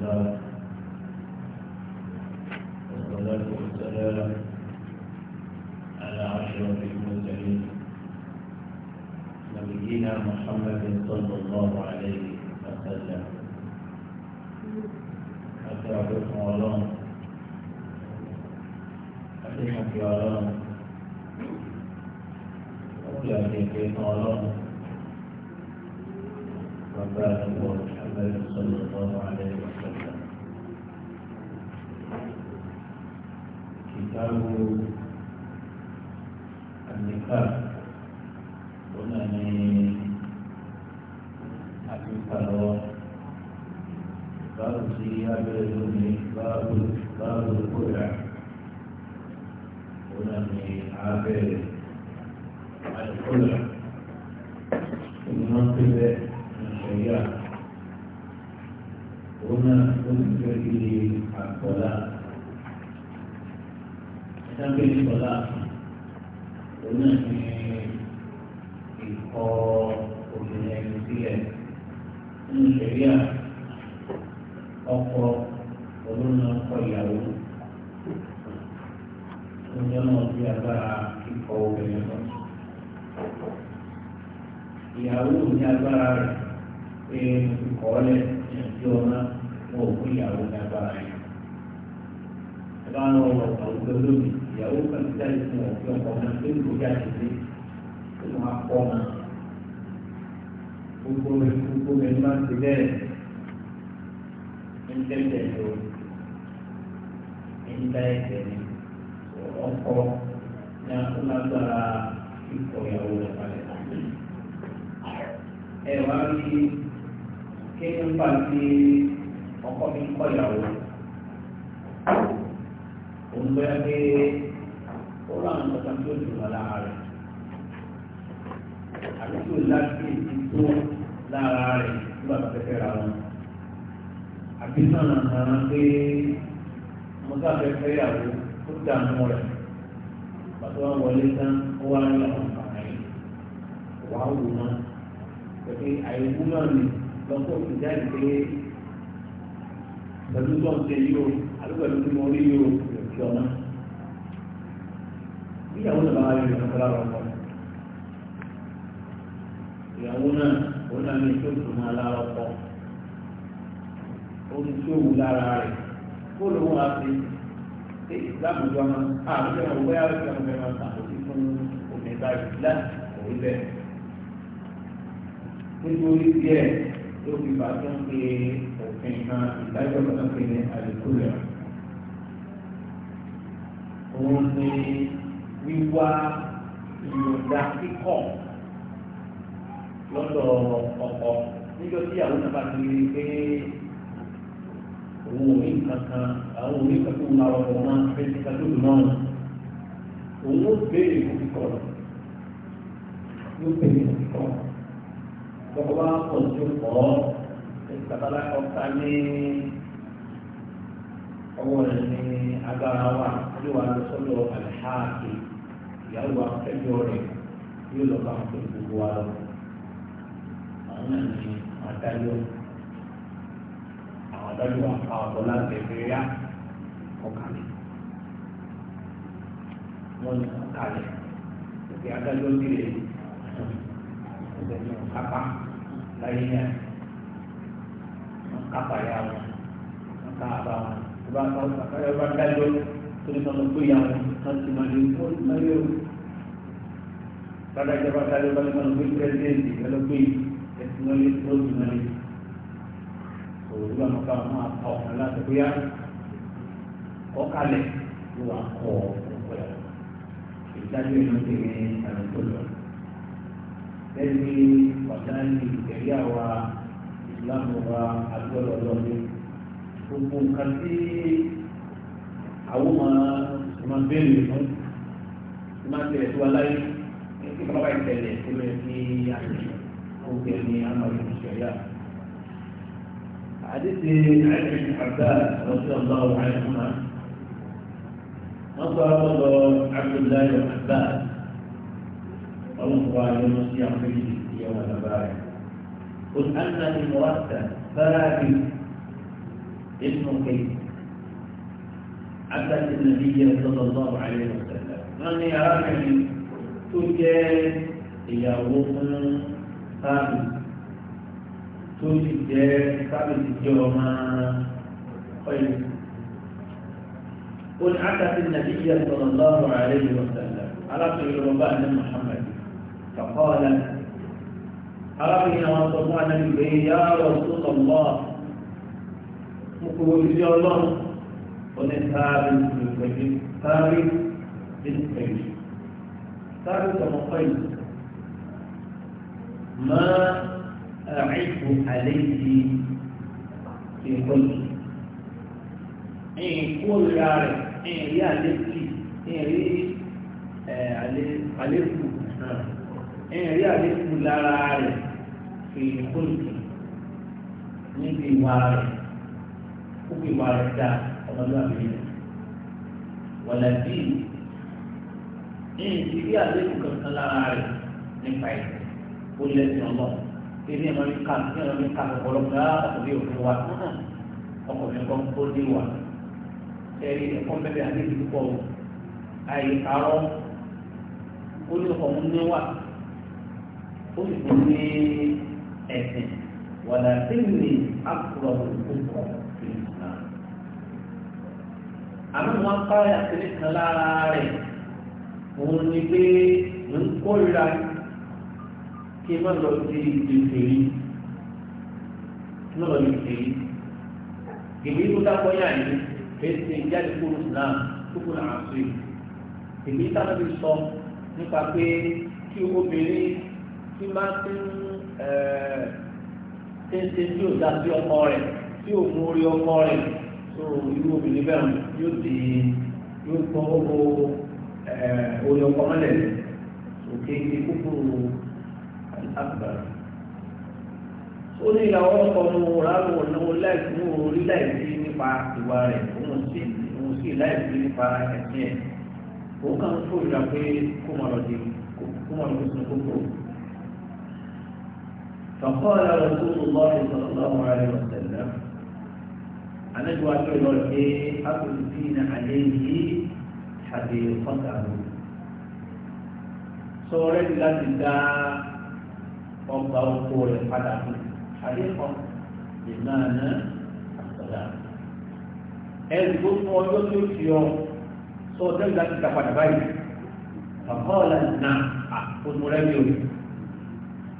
الله والصلاة والسلام على أشرف المرسلين نبينا محمد صلى الله عليه وسلم أتعبكم الله أتعبكم الله أولئك الله وفاة محمد صلى الله عليه وسلم كتاب النكاح هنا أبي فروة باب سياب باب باب هنا عابر sábẹ́ ìsọ̀lá òun náà ní ìkọ́ obìnrin ẹni sílẹ̀ nínú ìṣẹ̀ríà ọkọ olóńgbò ọkọ ìyàwó oúnjẹ náà bí agbára ìkọ́ obìnrin lọ. ìyàwó ní agbára rẹ̀ pé ìkọ́lẹ̀ ìjọ náà wọ́n ò fún ìyàwó ní agbára rẹ̀. ẹ bá ń lọ ọ̀pọ̀ ògbẹ́ lónìí ìyàwó kan ti jáde fún ọ̀fi ọkọ̀ náà tó ń gbòdì àtìlé tó ń wá pọ̀ náà gbogbo rẹ̀ gbogbo rẹ̀ máa ń ti bẹ́ẹ̀ ń tẹ́tẹ̀ lọ ń dá ẹ̀jẹ̀ ọkọ̀ ní akọ́lágbára ikọ̀ ìyàwó rẹ̀ balẹ̀ ẹ wá rí kí nípa tí ọkọ̀ mi ń ìyàwó tó yẹ pé ó rà ní kankan tó dùn wọn lára rẹ̀ àti tó láti ti tó lára rẹ̀ nígbà tó fẹ́ ra wọn àbí sọ̀nà kan pé mo sáfẹ́ fẹ́ yàwó ó dààmú rẹ̀ pàtó wọn wọlé tán ó wá ní àwọn àǹfààní wàá wù náà pẹ̀lú àìwú náà ni lọ́kọ̀ ìjáde pé pẹ̀lú tó yìí o àdúgbò ẹ̀dùn tí mo yìí o ìjọ náà ìyàwó náà máa yọ ìjọba lára ọkọ ìyàwó náà òun náà ní tó dùn máa lára ọkọ òun tó wù lára rẹ̀ kó lóun wá sí ṣé ìsìlámù jọ máa àbúrò ìjọba òun bóyá ìsìlámù fẹ́ máa sàkóso fún omi báyìí láti òun bẹ́ẹ̀ nítorí díẹ̀ ló fi bàtún pé òfin kan ìdájọ́ kan pé ní àdìkú rẹ̀ òun ni wíwá ìyọ̀dá kíkọ̀ lọ́dọ̀ ọkọ níjọ́ tí àwọn náà bá ti rí pé òun ò ní kankan àwọn òní kankan ń lọ ọkọ náà fẹ́ ti kankan lù náà òun ó béèrè fún kíkọ̀ lọ yóò béèrè fún kíkọ̀ lọ́kọ̀ bá pọ̀ tó pọ̀ ẹ̀ kàtàlá ọ̀ta ní ọwọ́ rẹ̀ ní agbára wa yóò wá lọ sọ́dọ̀ àlẹ́hàáké ìyàwó wa kẹjọ rẹ̀ yóò lọ bá wọn gbogbo wa lọ. àwọn náà ní adájọ́ àwọn adájọ́ wa pa ọ̀dọ́ láti ẹgbẹ́ yá ọ̀kàlẹ̀. wọ́n ní ọ̀kàlẹ̀ ìgbé adájọ́ bìrẹ̀ ẹgbẹ́ ní ọ̀kápá láyé yẹn wọ́n yá wọn wọ́n wọn ìbá ọba dájọ́ tó ní sọ́nà pé ìyàwó kan ti máa lè kó láyé o. Bàbá ìjọba dájọ́ bá ní sọ́nà pé pírẹ́sidẹ́ǹtì ìgbàlọ́ pé ẹ̀sìn náà lè kó jù náà lè. Òwúrọ̀ ìgbà mọ̀ká máa pa ọ̀kan láti bóyá ọ̀kalẹ̀ ló wà kọ́ ọ̀pọ̀ yàrá. ìlú ti ní ẹ̀rọ tó lọ. Lẹ́yìn ọ̀dá ní ìtẹ̀lé àwa ìsìlámù wa àgbọ̀lọ̀ gbogbo nǹkan tí àwọn ọmọ béèrè fún tí máa tẹ̀lé tó aláyé tí bàbá ìtẹ̀lẹ̀ tó lọ sí àyè oúnjẹ ní amáyé ìṣẹ̀yà. àdéhùn àìsàn àgbà lọ́sẹ̀ ọ̀gá ọ̀gá ìmúna wọ́n sọ àbọ̀lọ̀ abdullahi àgbà ọlọ́run wa yọ lọ sí àwọn méjì ìyẹ̀wò àgbà rẹ̀. قل أن امرأة فاعل ابن كيس أتت النبي صلى الله عليه وسلم من يراكني تجد يوم ثابت تجد ثابت يوم قيس طيب. قل أتت النبي صلى الله عليه وسلم أردت إلى محمد فقالت أردنا وصفنا به يا رسول الله mokoro ilé ọlọ́run ọ̀nà sáárì ìpẹ̀lú sáárì ìpẹ̀lú sáárì tọmọ pẹ̀lú máa àìkú àlẹ́ yìí ìpẹ̀lú ìkórira rẹ̀ ìrí àlékì ìrí àlékù ìrí àlékù lára rẹ̀ ìkórira níbi ìwà rẹ̀ ó fi wà rẹ̀ dá ọmọlúwàbí rẹ̀ wọ̀lẹ̀ bí ẹ̀yìn ti rí àléébù kankan lára rẹ̀ nípa ẹ̀ ó lẹ́sìn ọmọ ebi ẹ̀ máa ń ka ẹ̀ máa ń ka ọ̀pọ̀lọpọ̀ ọkùnrin òfin wa ọkùnrin kan ó dé wa ẹ̀rí ẹ̀kọ́ mẹ́rin àléébù púpọ̀ àyíkárọ́ ó ní ọ̀hún níwà ó sì fún ní ẹ̀sìn wọ̀lẹ̀ bí mi àkùrọ̀ òkú kọ̀. àmọ́ wọn pààyà kìíní kan lára rẹ̀ òun ni pé mò ń kórira kí n má lọ sí ìfèrí kí n ìfèrí ìgbé tó dákọ̀ yà ní ètò ìjáde kúrò náà kúkú náà sọ yìí táwọn ti sọ nípa pé kí obìnrin tí má ti ń ṣe ń ṣe bí ó ọkọ rẹ̀ tí ò ọkọ rẹ̀. tó irú obìnrin bẹ́ẹ̀ yóò ti yóò tán owó eh, orí ọkọ mọ́lẹ̀ òkè ní kúkúrú àgbà. ó ní ìyàwó ọkọ mu ráàlú ònáwó láìsí ní orí láìsí nípa ìwà rẹ̀ òun sì òun sì láìsí nípa ẹ̀sìn ẹ̀ òun kàn ń fòrìlà pé kó mọ̀ lọ́dẹ kó mọ̀ lọ́dẹ sínú kókó. فقال رسول الله صلى الله عليه وسلم àlejò àjọ ìlọ ṣe ápòlùsí ní alẹ́ yìí ṣàdé ọ̀tàrò sọ rẹ́dí láti dá ọgbà oko rẹ̀ padà fún ṣàdé kan lè máa ná àtọ̀dá ẹ̀rù tó fún ọjọ́ tí ó fi ọ sọ rẹ́dí láti dá padà báyìí bàbá ọ̀la nà àkóso rẹ́dí o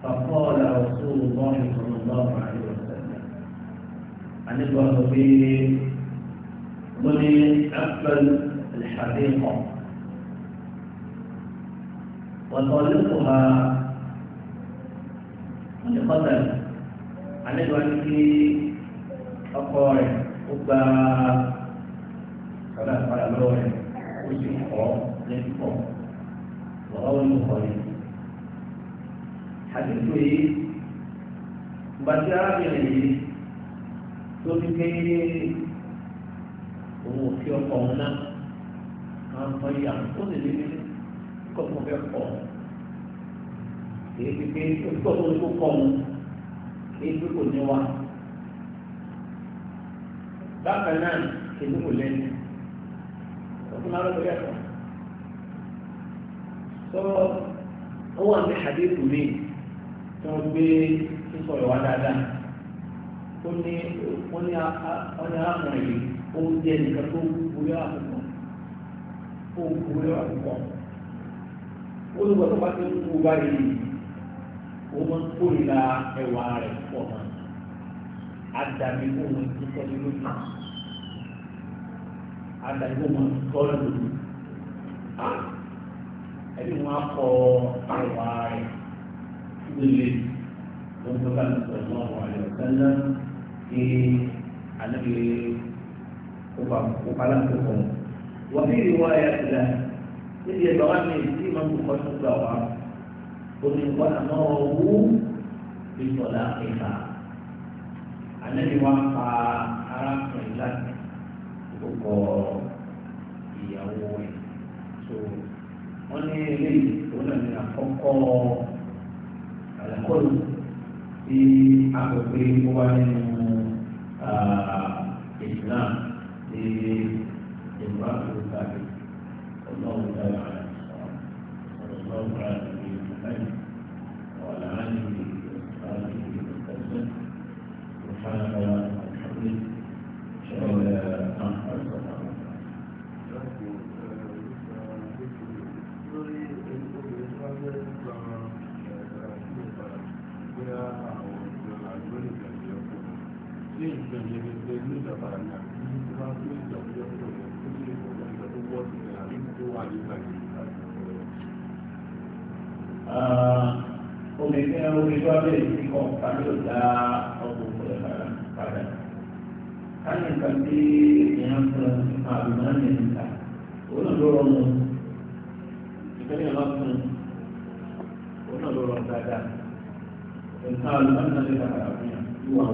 bàbá ọ̀la ọ̀ṣun ọ̀gbọ́n ìṣòro ọ̀gbọ́n àyè ọ̀ṣun. عن الوهابين من أقبل الحقيقة وطالبها من قتل عن الوهابين أقارب أبا كما قال أمره وجهه لكم وروى البخاري حديثه بجاء من الحديث tó ní pé òun ò fi ọkọ ọ̀hún náà máa ń tọ́jú àwọn tó lè lé kọ́kọ́ fẹ́ kọ́ èyí ní kó kọ́ ọ̀hún èyí pé kò ní wá. bákan náà èmi kò lẹ́nu ọdún máa ń yàtọ̀ wà ní gbé dáadáa. ó ní wọ́n ní arákùnrin yìí ó jẹ́ nìkan tó gbúgbúrẹ́ àkùkọ ó gbúgbúrẹ́ àkùkọ ó ní wọ́n tó bá ti ń kú báyìí ó máa ń kórìíra ẹwà rẹ̀ pọ̀ mọ́ àdàbí ó máa ń tọ́ ní lójú àdàbí ó máa ń tọ́ ní lójú ẹni wọn akọ ẹwà rẹ̀ lórí lórí lórí lórí lórí lórí lórí lórí lórí lórí ní ànábi kópa láti kọ̀ wọ́n fi ìwọ ẹ̀yà sílẹ̀ níbi ẹ̀dọ́ wa ní ìdí ìmọ̀ kókó tó gbà wá onígbọ́ àmọ́ owó ìtọ̀lá ìhà ànábi wa pa arákùnrin láti kókó ìyàwó rẹ̀ tó wọ́n ní eléyìí wọ́n الإسلام لإمرأة الكافر والله تعالى على صلى الله على نبينا محمد وعلى آله وصحبه وسلم سبحانك Ah, omi tí wọn omi tó abẹ́rẹ́ sí kọ́ kájú ló dá ọkọ̀ òkúlẹ̀ padà. káyọ̀ nǹkan tí èèyàn fún un nípa àbùmọ́ ní ìta òun náà ló rọrùn ìfẹ́lẹ́ yẹn bá fún un òun náà ló dáadáa. nǹkan àbùmọ́ náà lè dàgbà fún yàn.